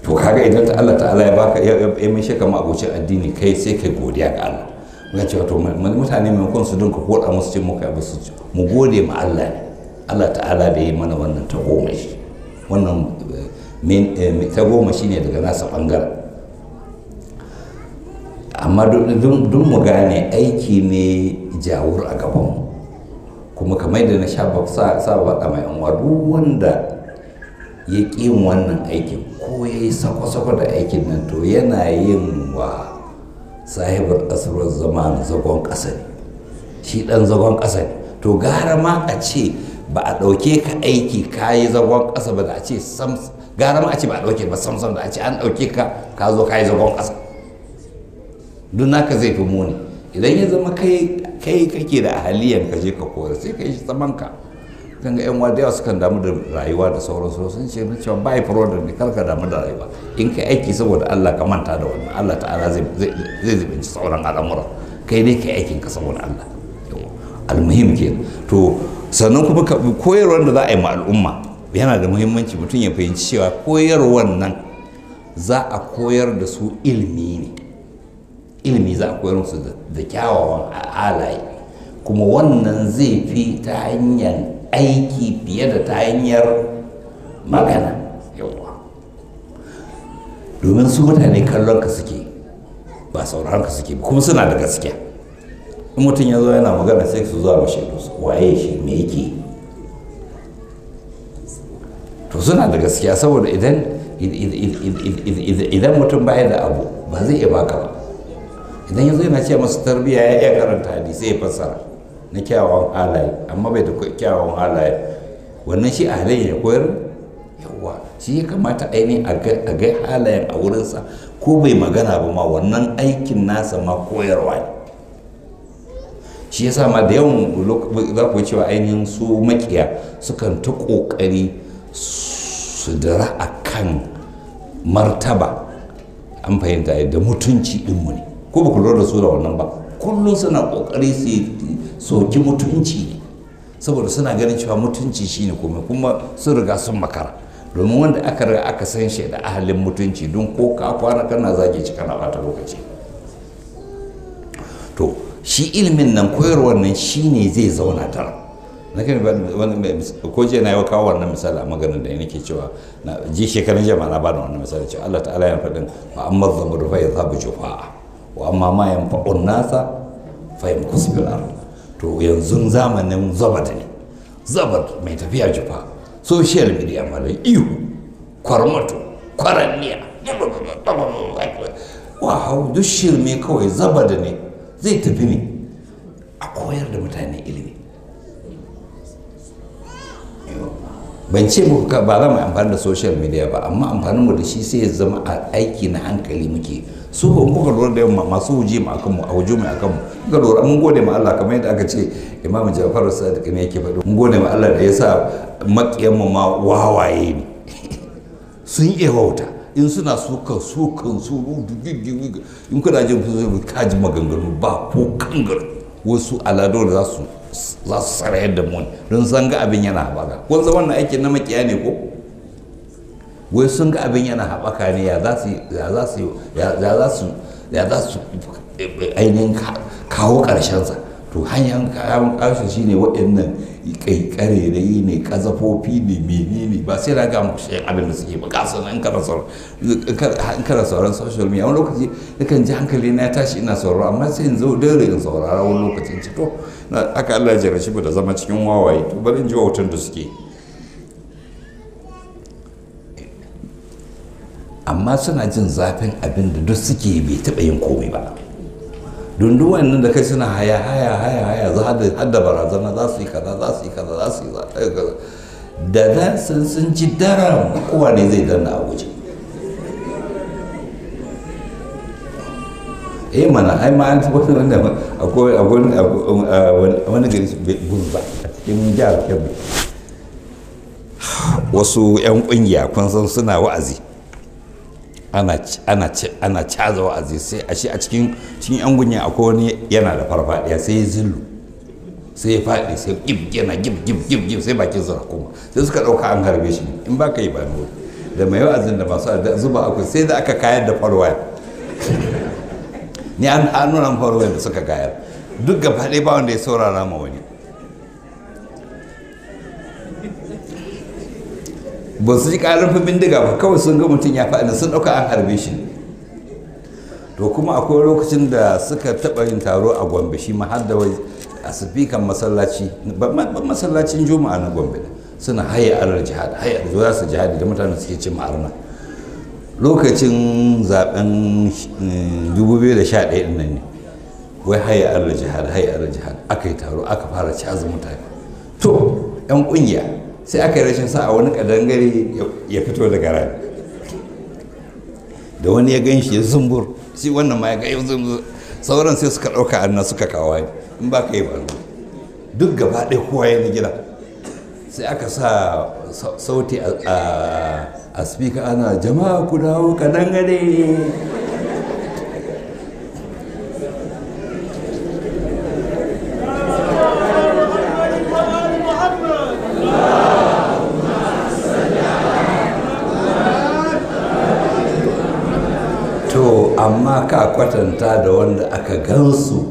to kaga idan Allah ta'ala ya baka ya mai shaka ma abocin addini kai sai kai godiya ga Allah ga ce to mutane maimakon su dinka koda musu ce muka ba su mu gode ma Allah ne Allah ta'ala da yi mana wannan ta goma shi wannan eh, eh, ta goma shine daga nasa ɓangare. amma duk mu gane aiki ne jawur a gaban kuma kamar da na sha saba a mai amma duk wanda ya ƙi wannan aikin ko ya yi sako-sako da aikin nan to yana yin wa sahibar asirar zama zagon ƙasa ne shi ɗan zagon ƙasa ne to gara ma a ce ba a ɗauke ka aiki ka yi zagon ƙasa ba da a ce sam gara ma a ce ba a ɗauke ba sam da a ce an ɗauke ka ka zo ka yi zagon ƙasa duk naka zai fi muni idan ya zama kai kake da ahaliyan ka je ka kora sai ka yi shi saman ka kan ga yan uwa yawa sukan damu da rayuwa da sauran sun ce na cewa bai da ne karka damu da rayuwa in ka aiki saboda Allah ka manta da wannan Allah ta'ala zai zai zubinci sauran alamuran. kai ne ka aikin ka saboda Allah almuhim kenan to sannan kuma koyarwar da za a yi ma al'umma yana da muhimmanci mutum ya fahimci cewa koyarwar nan za a koyar da su ilimi ne ilimi za a koyar musu da kyawawan alaye. kuma wannan zai fi ta hanyar aiki fiye da ta hanyar magana yawa domin su mutane kallon ka suke ba sauran ka suke kuma suna da gaskiya in mutum ya zo yana magana sai su zuwa mashi waye shi me yake to suna da gaskiya saboda idan idan mutum baya da abu ba zai iya baka ba idan ya zo yana ce masu tarbiyya ya iya karanta hadisi ya fassara na kyawawan halaye amma bai da kyawawan halaye wannan shi halayen ya koyar yawa shi ya kamata ainihin a ga halayen a wurinsa ko bai magana ba ma wannan aikin nasa ma koyarwa ne shi yasa ma da yawan za ku cewa ainihin su makiya sukan ta kokari su dara a kan martaba an fahimta da mutunci ɗinmu ne ko ba ku lura da su da wannan ba kullum suna kokari su soki mutunci ne saboda suna ganin cewa mutunci shine komai kuma sun riga sun makara domin wanda aka riga aka san shi da ahalin mutunci don ko ka kwana kana zage ci kana bata lokaci to shi ilimin nan koyarwar nan shine zai zauna tara na kan wani ko je na yi kawo wannan misali a maganin da nake cewa na ji shekarun jama'a na ba da wannan misali cewa Allah ta'ala yana faɗin fa amma zamur fa yadhabu jufa'a wa amma ma yanfa'un nasa fa yamkus to yanzu zamanin zabat ne zabat mai tafiya jufa social media malai ihu kwarmato kwaranniya wa hau duk shirme kawai zabada ne zai tafi ne a koyar da mutane ilimi ban ce muku ba za mu amfani da social media ba amma amfanin mu da shi sai ya zama a aiki na hankali muke su ko kuka lura da yamma masu huji mu akan mu a huji mu akan mu kuka lura mun gode ma Allah kamar yadda aka ce Imam Ja'far Sadiq ne yake faɗo mun gode ma Allah da ya sa makiyan mu ma wawaye ne sun iya wauta in suna sukan sukan su in kuna jin su kaji maganganu ba ko kangar wasu aladun za su za su sarayar da mun don san ga abin yana haɓaka kun san wannan aikin na makiya ne ko wai sun ga abin yana haɓaka ne ya za su ya za su ya za su ya za su ainihin kawo ƙarshen sa to hanyar kayan shi ne waɗannan yi ne ƙazafofi ne menene ba sai na ga shi abin da suke ba kasan an kara sauran social media wani lokaci kan ji hankali na ya tashi ina sauraro amma sai in zo dare in saurara wani lokacin ci to aka Allah ya jarashi ba da zama cikin wawaye to bari in ji wautar da suke amma suna jin zafin abin da duk suke bai taɓa yin komai ba dunduwan nan da kai suna haya haya haya haya za hada barazana za su yi kaza za su yi kaza za su yi kaza da za sun sun ci daram kowa ne zai danna a guje eh mana ai ma an tabbatar da wanda akwai wani gari gurba a cikin jihar kebbi wasu 'yan kungiya kun san suna wa'azi ana caza aziz sai a shi a cikin cikin yan gunya akwai wani yana da farfadiya sai ya zillu sai ya faɗi sai gib yana gib gib gib gib sai bakin sa kuma sai suka ɗauka an harbe shi in ba ka yi ba nuri da mai wa'azin da masu da zuba akwai sai da aka kayar da farwaya ni an nuna farwaya da suka kayar duk gaba ɗaya ba wanda ya saurara ma wani ba su ji ƙarfin bindiga ba kawai sun ga mutum ya faɗi sun ɗauka an harbe shi to kuma akwai lokacin da suka taɓa yin taro a gombe shi ma har da wai a sifikan masallaci ba masallacin juma'a na gombe suna haya arar jihad haya arar su jihadi da mutane suke cin ma'arna lokacin zaben 2011 nan ne wai haya arar jihad haya arar jihad aka yi taro aka fara caza mutane to 'yan kungiya sai aka yi rashin sa'a wani kadangare ya fito daga rana. da wani ya gan shi ya zumbur shi wannan ma ya ga yau zumbur sauran sai suka ɗauka annan suka kawo ne in ba ka yi ba duk gaba ɗaya kowa ya ni gida sai aka sa sauti a speaker ana jama'a ku dawo kadangare ka gansu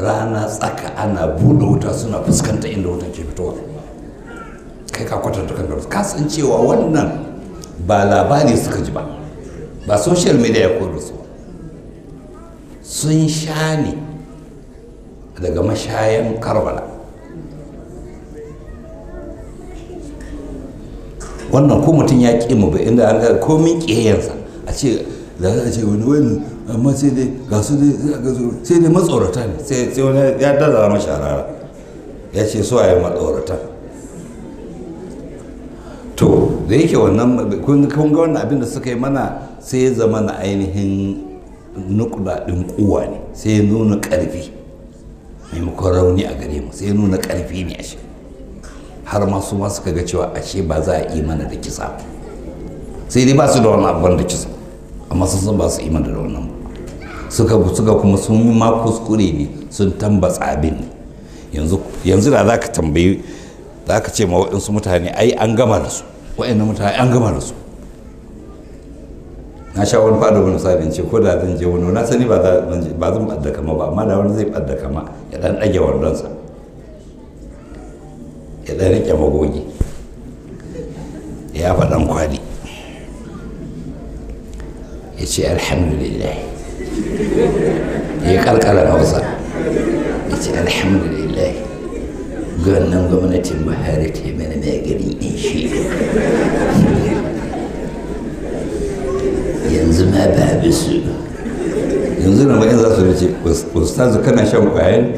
rana tsaka ana buɗe wuta suna fuskanta inda wutan ke fitowa kai ka kwatanta kan garusu ka san cewa wannan ba labari suka ji ba ba social media ya koyar su sun sha ne daga mashayan karbala wannan ko mutum ya ƙi mu ba inda an ga komin ƙiyayensa a ce da za a ce wani wani amma sai dai ga su dai sai aka zo sai dai matsorata ne sai wani ya daza a harara ya ce so a yi matsorata to da yake wannan kun ga wannan abin da suka yi mana sai ya zama na ainihin nukuda ɗin kuwa ne sai ya nuna ƙarfi maimakon rauni a gare mu sai ya nuna ƙarfi ne a shi har ma su ma suka ga cewa a ashe ba za a yi mana da kisa sai dai ba su da wani abin da kisa amma sun san ba su imanta da wannan suka suka kuma sun yi ma kuskure ne sun tambatsa abin yanzu yanzu da za ka tambayi za ka ce ma waɗansu mutane ai an gama da su waɗannan mutane an gama da su na sha wani fada wani sabin ce ko da zan je wani na sani ba zan ɓadda kama ba amma da wani zai ɓadda kama ya ɗan ɗage wandonsa ya ɗan riƙe magogi ya faɗan kwali ya ce alhamdulillah ya kalkala hausa ya ce alhamdulillah wannan gwamnatin buhari ta mana mai gari in shi yanzu ma ba bisu yanzu na bayan za su ce ustazu kana shan kwayan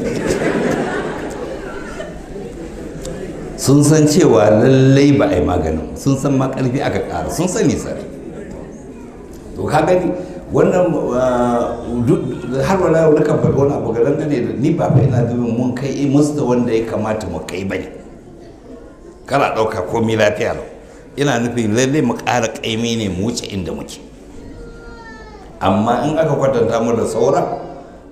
sun san cewa lallai ba a yi maganin sun san ma karfi aka ƙara sun sani sarai to ka gani wannan ah, har wala na kan faɗi wani abu ga dangane da ni ba fa ina dubin mun kai eh, musu da wanda ya kamata mu kai bane kana ɗauka komai lafiya lau ina nufin lallai mu ƙara ƙaimi ne mu wuce inda muke amma in aka kwatanta mu da saura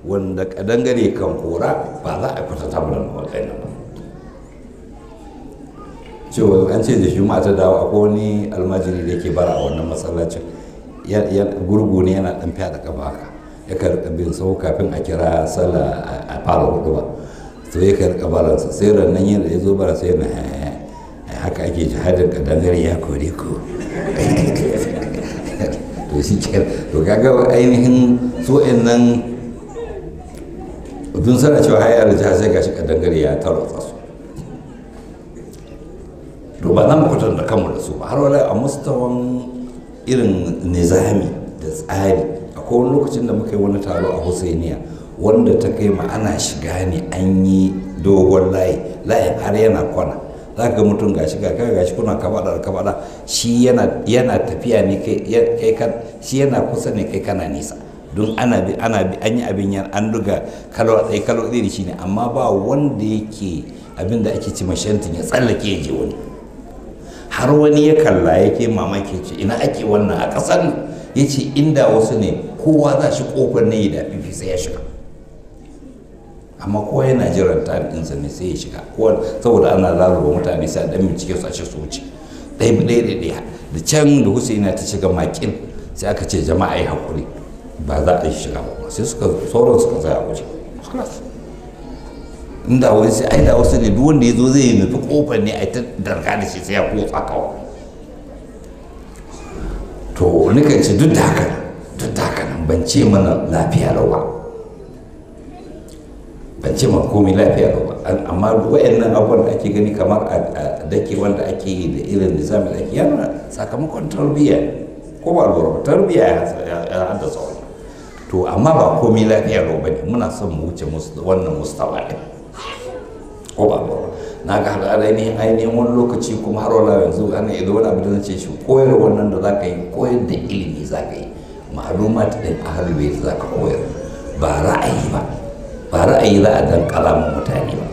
wanda kadangare kan kora ba za a kwatanta mu da mawakai nan ba cewa an ce da shi ma ta dawo akwai wani almajiri da yake bara a wannan masallacin gurgu ne yana ɗan fiya da ƙafa haka ya rika bin sau kafin a kira sallah a fara hudu ba to ya balan sa sai ran nan ya zo bara sai na eh, haka ake jihadin dangare ya kore ko to shi ke to kaga ainihin su nan dun sana cewa hayar jihar sai gashi dangare ya taro su to ba nan mutum da kanmu da su ba har wala a mustawan irin nizami da tsari akwai wani lokacin da muka yi wani taro a Hussainiya wanda ta kai ma ana shiga ne an yi dogon layi layi har yana kwana za ga mutum kai ga shi kuna kabaɗa da kabaɗa shi yana tafiya ne kai kan shi yana kusa ne kai kana nisa don ana bi ana bi an yi abin yan an duga kalwa tsaye kalwa tsaye da shi ne amma ba wanda yake abin da ake ci mashantin ya tsallake ya je wani har wani ya kalla yake mamaki ce ina ake wannan a ƙasar ya ce inda wasu ne kowa za shi na ne ya dafi sai ya shiga amma kowa yana jiran time ɗinsa ne sai ya shiga kowa saboda ana lalurwa mutane sai dan bincike su a ce su wuce ɗaya ɗaya ɗaya da can da husaini yana ta shiga makin sai aka ce jama'a yi haƙuri ba za a yi shiga ba sai suka sauran suka tsaya wuce. inda wani sai ai da wasu ne duk wanda ya zo zai nufi kofar ne yi ta darga da shi sai ya kotsa kawo to nika ce duk da haka duk da haka nan ban ce mana lafiya lau ba ban ce mana komai lafiya lau ba amma duk wayannan abubuwan da ake gani kamar a dake wanda ake yi da irin nizamin da ake yana sakamakon tarbiyya ko ba lura ba tarbiyya ya haddasa wani to amma ba komai lafiya lau ba ne muna son mu wuce wannan mustawa ɗin ko ba na ga har ainihin ainihin wani lokaci kuma har wala yanzu ana ido wani abu da zan shi koyar wannan da zaka yi koyar da ilimi zaka yi ɗin a ahlul za zaka koyar ba ra'ayi ba ba ra'ayi za a dan kalamin mutane ba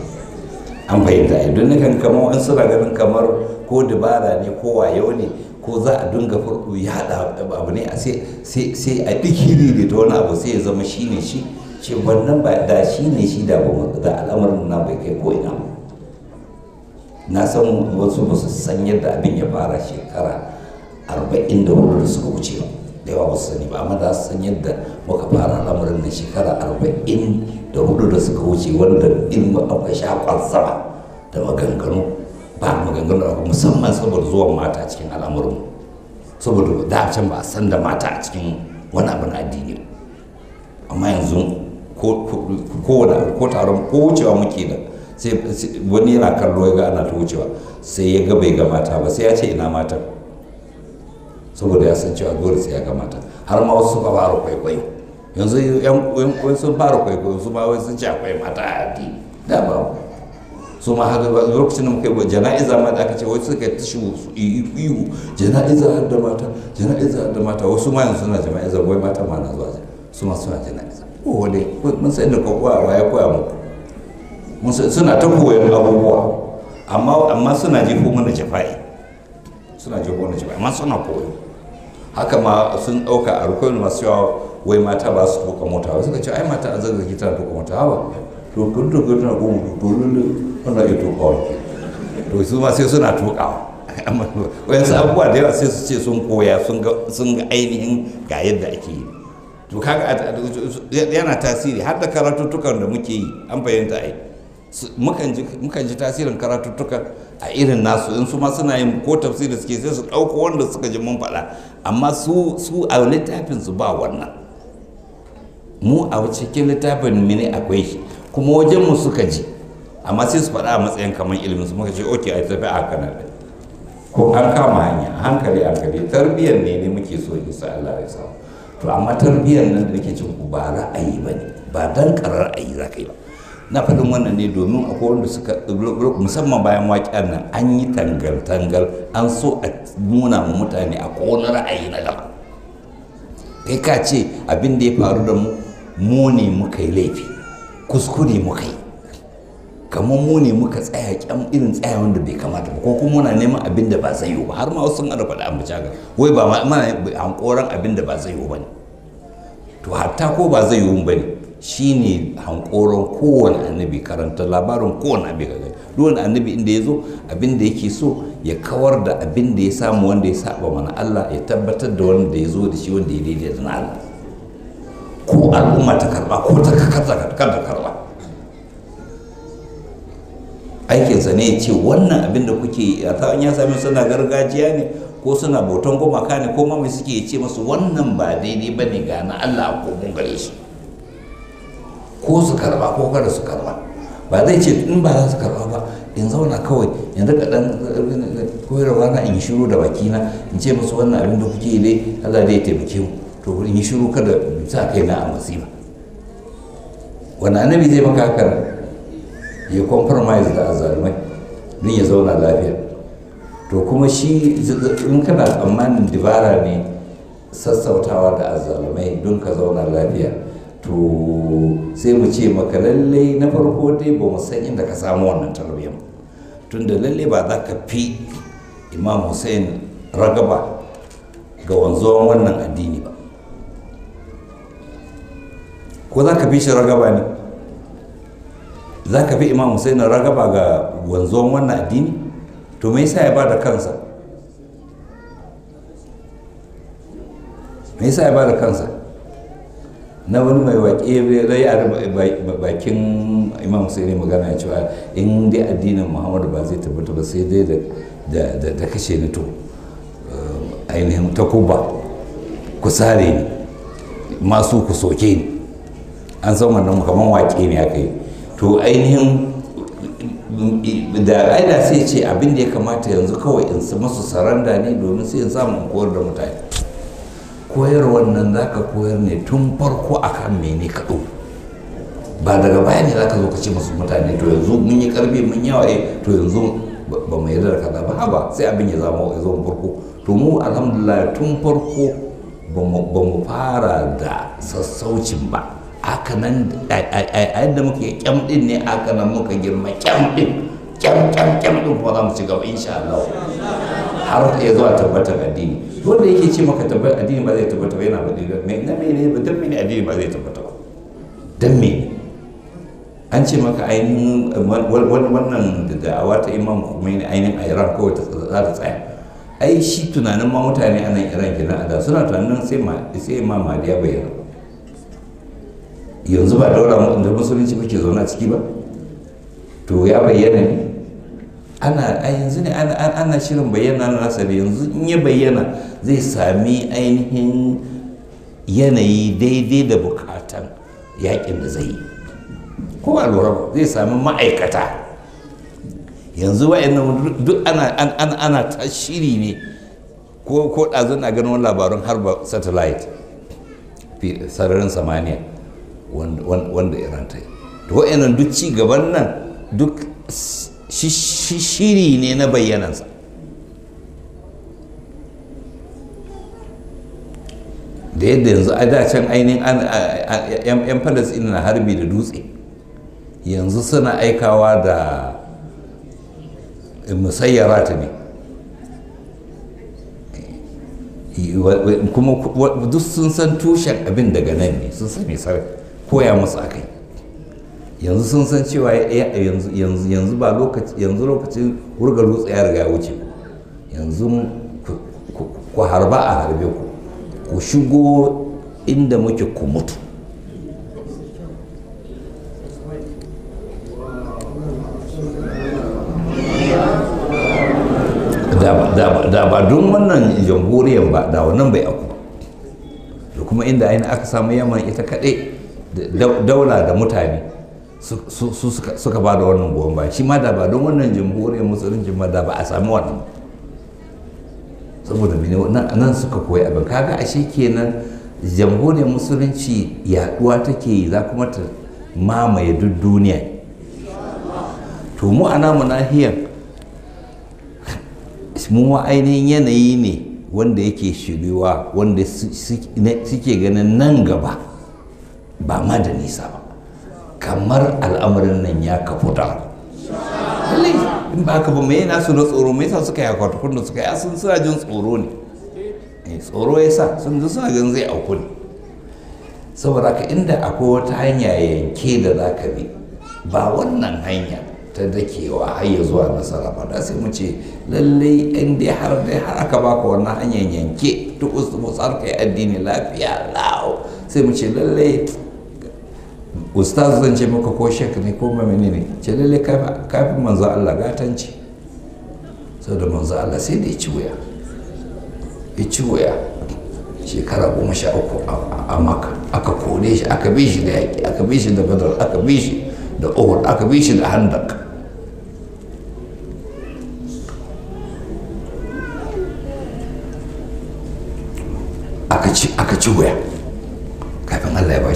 an fahimta a don nakan kamar wani suna ganin kamar ko dabara ne ko wayo ne ko za a dinga haɗa abu ne sai a hiri da ta wani abu sai ya zama shine shi ce wannan ba da shi ne shi da ba da al'amarin nan bai kai ko ina ba na san wasu ba su san yadda abin ya fara shekara arba'in da hudu da suka wuce da yawa ba su sani ba amma za su san yadda muka fara al'amarin na shekara arba'in da hudu da suka wuce wanda in aka sha kwansama da maganganu ba maganganu ba musamman saboda zuwan mata cikin al'amarin saboda da can ba a san da mata a cikin wani abin addini amma yanzu ko taron ko wucewa muke da sai wani yana kallo ya ga ana ta wucewa sai ya ga bai ga mata ba sai ya ce ina matan saboda ya san cewa dole sai ya ga mata har ma wasu ba fara kwaikwayo yanzu yan kwai sun fara kwaikwayo su ba wai sun ce akwai mata a addini da ba su ma haka lokacin da muka yi jana'iza ma da aka ce wasu suka ta shigo iyu jana'iza har da mata jana'iza har da mata wasu ma yanzu suna jana'iza wai mata ma na zuwa su ma suna jana'iza wale mun san da kokowa ya koya muku suna ta koyon abubuwa amma amma suna ko mana jafa'i suna ko mana jafa'i amma suna koyo haka ma sun ɗauka a rukun masu yawa wai mata ba su tuka mota wai suka ce ai mata an zazzaki tana tuka mota hawa to kun kun na goma to lulu wannan ya to wani to su ma sai suna tuka amma wayansu abubuwa da yawa sai su ce sun koya sun ga ainihin ga yadda ake yi to kaga yana tasiri har da karatuttukan da muke yi an fahimta ai mukan ji tasirin karatuttukan a irin nasu in su ma suna yin ko tafsiri suke sai su ɗauko wanda suka ji mun faɗa amma su su a littafin su ba wannan mu a cikin littafin mini akwai shi kuma wajen mu suka ji amma sai su faɗa a matsayin kamar ilimin su muka ce ok a tafi a da ko an kama hanya hankali hankali tarbiyyar ne ne muke so in sa Allah ya samu to amma tarbiyyar nan da nake cin ku ba ra'ayi ba ne ba dan karar ra'ayi za ka yi ba na faɗin wannan ne domin akwai wanda suka musamman bayan waƙiyar nan an yi tangal-tangal an so a nuna ma mutane a kowane ra'ayi na gaba kai ka ce abin da ya faru da mu mu ne muka yi laifi kuskure muka yi kamar mu ne muka tsaya kyan irin tsaya wanda bai kamata ba ko kuma muna neman abin da ba zai yiwu ba har ma wasu sun ana faɗa an bicaga wai ba ma mana hankoran abin da ba zai yiwu ba ne to hatta ko ba zai yiwu ba ne shine hankoron kowane annabi karanta labarin kowane annabi kaga duk annabi inda ya zo abin da yake so ya kawar da abin da ya samu wanda ya saba mana Allah ya tabbatar da wanda ya zo da shi wanda ya daidaita na Allah ko al'umma ta karba ko ta karba aikinsa ne ya ce wannan abin da kuke yi a ta ya sami suna gargajiya ne ko suna goma gumaka ne ko mamaye suke ce masu wannan ba daidai ba ne ga na Allah ko mun gare su ko su karba ko kada su karba ba zai ce in ba za su karba ba in zauna kawai in rika dan koyarwa na in shiru da bakina in ce masu wannan abin da kuke yi dai Allah zai taimake mu to in shiru kada sa kai na a masiba wannan annabi zai maka haka ya compromise da azalmai don ya zauna lafiya to kuma shi in kana tsammanin dibara ne sassautawa da azalmai don ka zauna lafiya to sai mu ce maka lallai na farko dai ba mu san inda ka samu wannan tarbiyyar tunda lallai ba za ka fi imam hussein ragaba ga wanzuwan wannan addini ba ko za ka fi shi ragaba ne za ka fi imam Hussein ragaba ga wanzuwan wannan addini to me yasa ya ba da kansa me yasa ya ba da kansa na wani mai waƙe rai a bakin imam Hussein magana ya cewa ah, in dai addinin muhammadu ba zai tabbata ba sai dai da kashe ni to eh, ainihin takuba ku sare ni masu ku soke ni an san wannan kamar waƙe ne aka yi to ainihin da aida sai ce abin da ya kamata yanzu kawai in masu saranda ne domin sai in samu koyar da mutane koyar wannan za ka koyar ne tun farko akan mene ka ba daga baya ne za ka zo ka ce masu mutane to yanzu mun yi karfi mun yawa eh, to yanzu ba mu yarda da kaza ba haba sai abin ya zama ya zama farko to mu alhamdulillah tun farko ba mu fara da sassaucin ba aka nan a yadda muke kyam din ne aka nan muka girma kyam din kyam kyam kyam din kuma za mu ci gaba insha Allah har ya zuwa tabbatar addini wanda yake ce maka tabbatar addini ba zai tabbata ba yana ba me na ne ba dan mene addini ba zai tabbata ba dan me an ce maka ainihin wannan da'awa ta imam Khomeini ainihin a Iran kowace za ta tsaya ai shi tunanin ma mutane a nan Iran kenan a da suna tunanin sai ma sai ma bayyana yanzu ba daura mu musulunci muke zaune a ciki ba to ya bayyana ne ana a yanzu ne ana shirin bayyana na nasa da yanzu in ya bayyana zai sami ainihin yanayi daidai da bukatan yakin da zai yi ko a lura zai sami ma'aikata yanzu yanzu duk ana ta shiri ne ko ɗazu na ganin labarun harba satellite sararin samaniya wanda iran ta yi to duk ci gaban nan duk shiri ne na bayyanansa da yadda yanzu a dacen ainihin yan falasɗin na harbi da dutse yanzu suna aikawa da musayyara ta ne kuma duk sun san tushen abin daga nan ne sun sami sarki koya musu akai yanzu sun san cewa eh, yanzu ba lokaci yanzu lokacin wurgar lutsa ya riga wuce yanzu ku harba a harbe ku ku shigo inda muke ku mutu da ba don wannan jamhuriyar ba da wannan bai aku da kuma inda aini aka samu yaman ita kaɗai daula da mutane su suka ba da wannan goma baya shi ma da ba don wannan jamhuriyar musulunci ma da ba a sami wannan saboda mini nan suka koyi abin kaga ashe kenan jamhuriyar musulunci yaduwa take yi za kuma ta mamaye duk duniya to mu a namu nahiyar mu ainihin yanayi ne wanda yake shiryuwa wanda suke ganin nan gaba ba ma da nisa ba kamar al'amarin nan ya kafu da in ba ka ba me yana su na tsoro me yasa suka yi akwata kunna suka yi sun suna jin tsoro ne eh, tsoro ya sa sun ji suna ganin zai auku ne saboda haka inda akwai wata hanya yanke da za ka bi ba wannan hanya ta dakewa har ya zuwa nasara ba da sai mu ce lallai in dai har dai har aka baka wannan hanyar yanke duk wasu mutsar kai addini lafiya lau sai mu ce lalle ustaz zan ce maka ko shek ne ko mamini ne ce lalle kafin manzo Allah gatanci sau da manzo Allah sai da ya ci wuya ya ci wuya shekara goma sha uku a maka aka kone shi aka bi shi da yaƙi aka bi shi da badar aka bi shi da uhud aka bi shi da handak aka ci wuya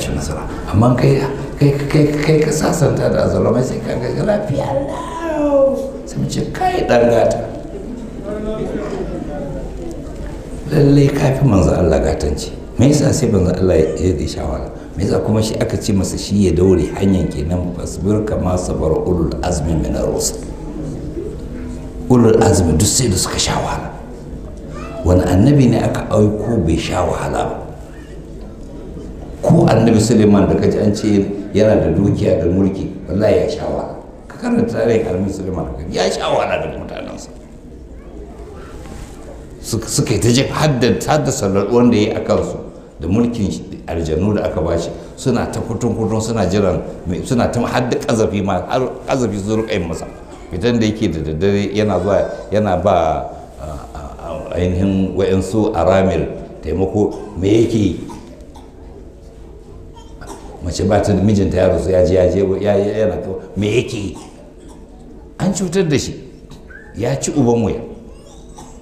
shi nasara amma kai kai kai kai ka sasanta da azalumai sai ka ga lafiya sai mu ce kai dan gata lallai kafi manzo Allah gatanci me yasa sai manzo Allah ya yi shawara me yasa kuma shi aka ce masa shi ya daure hanyar kenan fasbir kama sabar ulul azmi min arus ulul azmi duk sai da suka sha wahala wani annabi ne aka aiko bai sha wahala ba ko annabi suleiman da kaji an ce yana da dukiya da mulki wallahi ya sha wahala ka karanta tarihin annabi suleiman da ya sha wahala da mutanensa suka yi ta jin haddasa wanda ya yi a kansu da mulkin aljanu da aka bashi suna ta kutun kutun suna jiran suna ta hadda kazafi ma har kazafi su rukai masa fitan da yake da daddare yana zuwa yana ba ainihin a aramil taimako me yake mace ba ta da mijinta ya rasu ya je ya je ya yana me yake yi an cutar da shi ya ci uban waya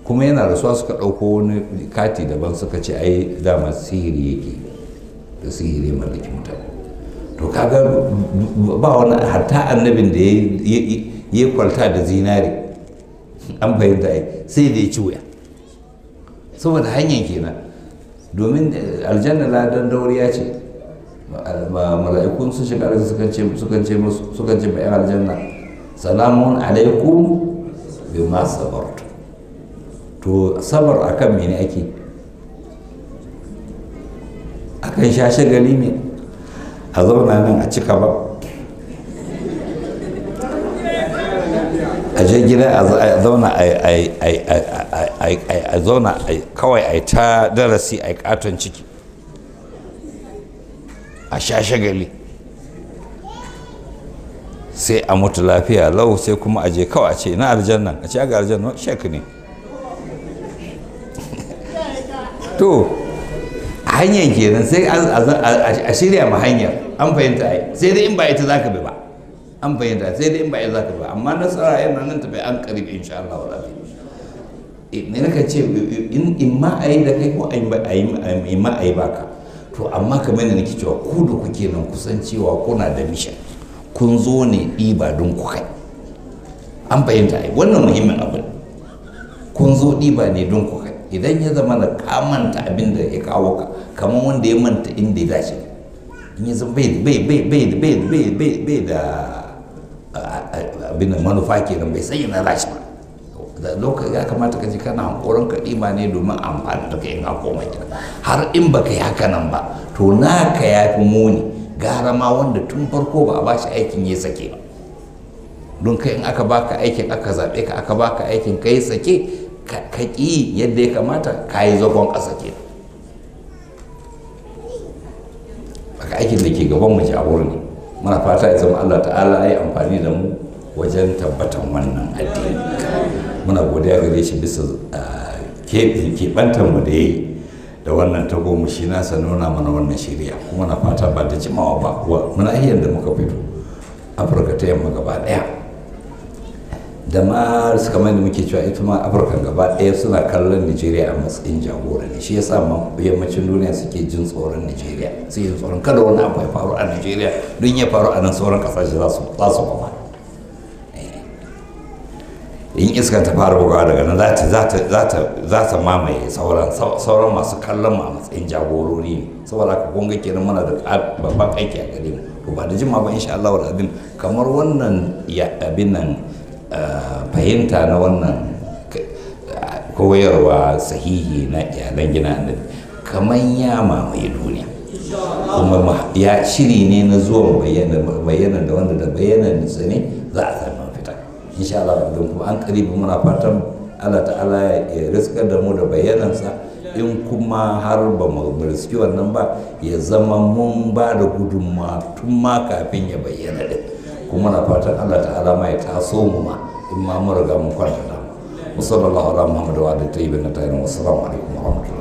kuma yana rasuwa suka ɗauko wani kati daban suka ce ai dama sihiri yake da sihiri mallaki mutane to kaga ba wani hatta annabin da ya kwalta da zinari an fahimta sai da ya ci waya saboda hanyar kenan domin eh, aljanna ladan dauriya ce mala'ikun sun shiga arziki sukan ce sukan ce sukan ce bayan aljanna salamun alaikum ma sabartu to sabar akan mene ake akan shashe gari ne a zauna nan a cika ba a je gida a zauna a zauna kawai a ta darasi a katon ciki a sha shagali sai a mutu lafiya lau sai kuma a je kawai ce na aljannan a ce ga aljannan shek ne to hanyar kenan sai a shirya ma hanyar an fahimta ai sai dai in ba ita zaka bi ba an fahimta sai dai in ba ita zaka bi ba amma nasara yana nan bai an karbi insha Allah wa rabbi ne eh, naka ce in ma ayi da kai ko ayi ma ayi baka to amma kamar yadda nake cewa ku da kuke nan kusan cewa kuna da mishan kun zo ne ɗiba don ku kai an fahimta ai wannan muhimmin abu kun zo ɗiba ne don ku kai idan ya zama da ka manta abin da ya kawo ka kamar wanda ya manta inda ya dace in ya zama bai bai bai bai bai bai bai da abin da manufa kenan bai sai yana rashi ba lokaci ya kamata ka ji kana hankoron ka ɗima ne domin amfani da kai komai har in baka yi haka nan ba to naka ya fi muni gara ma wanda tun farko ba a bashi aikin ya sake ba don kai in aka baka aikin aka zaɓe ka aka baka aikin ka yi sake ka ƙi yadda ya kamata ka yi zagon ƙasa sake baka aikin da ke gaban mu jawur ne muna fata ya zama Allah ta'ala ya yi amfani da mu wajen tabbatan wannan addini muna godiya gare shi bisa keɓantar mu da yi da wannan tagomashi nasa nuna mana wannan shirya kuma na fata ba da jimawa ba kuwa muna iya da muka fito afirka ta yamma gaba daya da ma kamar da muke cewa ita ma afirka gaba daya suna kallon nigeria a matsayin jagora ne shi ya sa yammacin duniya suke jin tsoron nigeria suke jin tsoron kada wani abu ya faru a nigeria don ya faru a nan sauran kasashe za su fama in iska ta fara bugawa daga nan za ta mamaye sauran sauran masu kallon mu matsayin jagorori ne saboda haka kun ga kenan muna da babban aiki a gare mu to ba da jima ba insha Allah wa azim kamar wannan ya abin nan eh, fahimta na wannan koyarwa sahihi na iyalan gina annabi kamar ya mamaye duniya kuma ya shiri ne na zuwa bayyana da wanda da bayyana ne za a insha Allah yanzu kuma an karibi muna fatan Allah ta'ala ya riska da mu da bayanansa in kuma har ba mu riski wannan ba ya zama mun ba da gudunma tun ma kafin ya bayyana din kuma na fatan Allah ta'ala ma ya taso mu ma in ma mun riga mun kwanta da mu sallallahu alaihi wa sallam wa wa alaikum wa rahmatullahi